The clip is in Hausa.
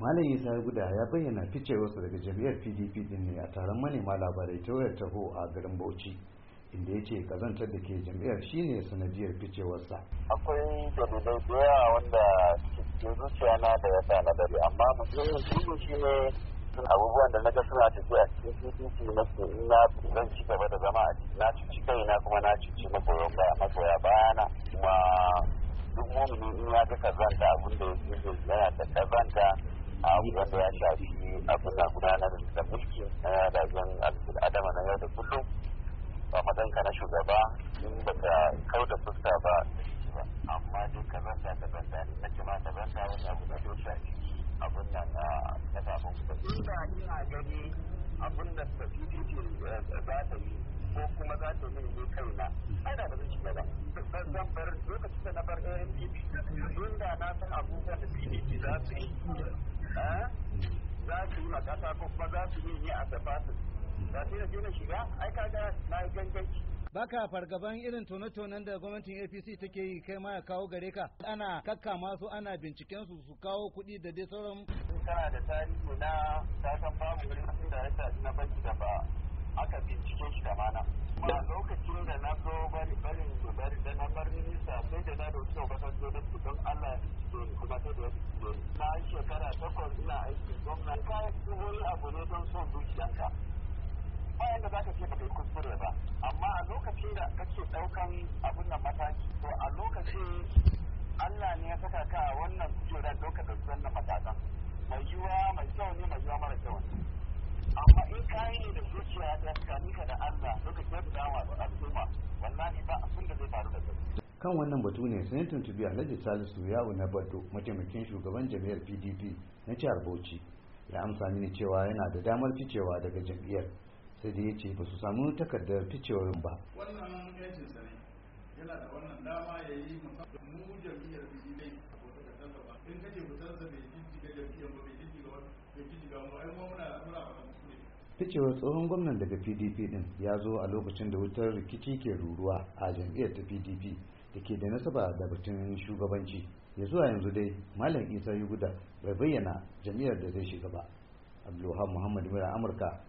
malam isa guda ya bayyana ficewarsa daga jami'ar pdp din ne a taron manema labarai ta wayar taho a garin bauchi inda yace kazantar da ke jami'ar shine sanadiyar ficewarsa akwai dalilai da yawa wanda ke zuciya na da ya na dare amma mutumin tudu shi ne abubuwan da na ga suna a cikin pdp na na zan ci gaba da zama a na kai kaina kuma na cuci ba a baya wanda ya shafi abin da gudanar da mulki na rayuwar adama na yau da kullum ba matanka na shugaba in ba ka kau da fuska ba da shi ba amma duk ka banta ta banta ne na ce ma ta banta wani abu da ya shafi abin nan na na kafin kuɗi. Ina ina gani abin da ta fi eh, za ta yi ko kuma za ta yi ne kai na ai da ba zai shiga ba. Zan bar lokacin da na bar ANPP inda na san abubuwan je na shiga ai kaga na yi ganganci baka fargaban irin tone-tonen da gwamnatin apc take yi kai ma ya kawo gare ka ana kakka masu ana binciken su su kawo kuɗi da dai sauran kana da tarihi na kasan babu wurin sun da na banki da ba aka bincike shi da mana kuma lokacin da na zo bari barin bari da na bar minista sai da na dauki obasanjo da su don allah don kuma ta da wasu na shekara takwas ina aikin gwamna kayan wani abu ne don son zuciyanka ba yanda za ka ce ba kai kuskure ba amma a lokacin da kake ɗaukan abin nan mataki to a lokacin Allah ne ya saka ka a wannan kujerar ɗaukar da wannan matakan mai yiwa mai kyau ne mai yiwa mara kyau ne amma in ka yi da zuciya da ka da Allah lokacin da a da al'umma wallahi ba abin da zai faru da kai kan wannan batu ne sun tuntubi alhaji salisu yawo na bado mataimakin shugaban jami'ar pdp na jihar bauchi ya amsa mini cewa yana da damar ficewa daga jam'iyyar sai da ya ce ba su samu takardar ficewar ba wannan yancin sa ne yana da wannan dama ya yi musamman mu jam'iyyar pdp ko ta kasar ba in kace fitar sa bai jijjiga jam'iyyar ba bai jijjiga wani bai jijjiga mu ai mu muna muna ficewar tsohon gwamnan daga pdp din ya zo a lokacin da wutar rikici ke ruruwa a jam'iyyar ta pdp da ke da nasaba da batun shugabanci ya zuwa yanzu dai malam isa yuguda bai bayyana jam'iyyar da zai shiga ba abdulhamid muhammad mura amurka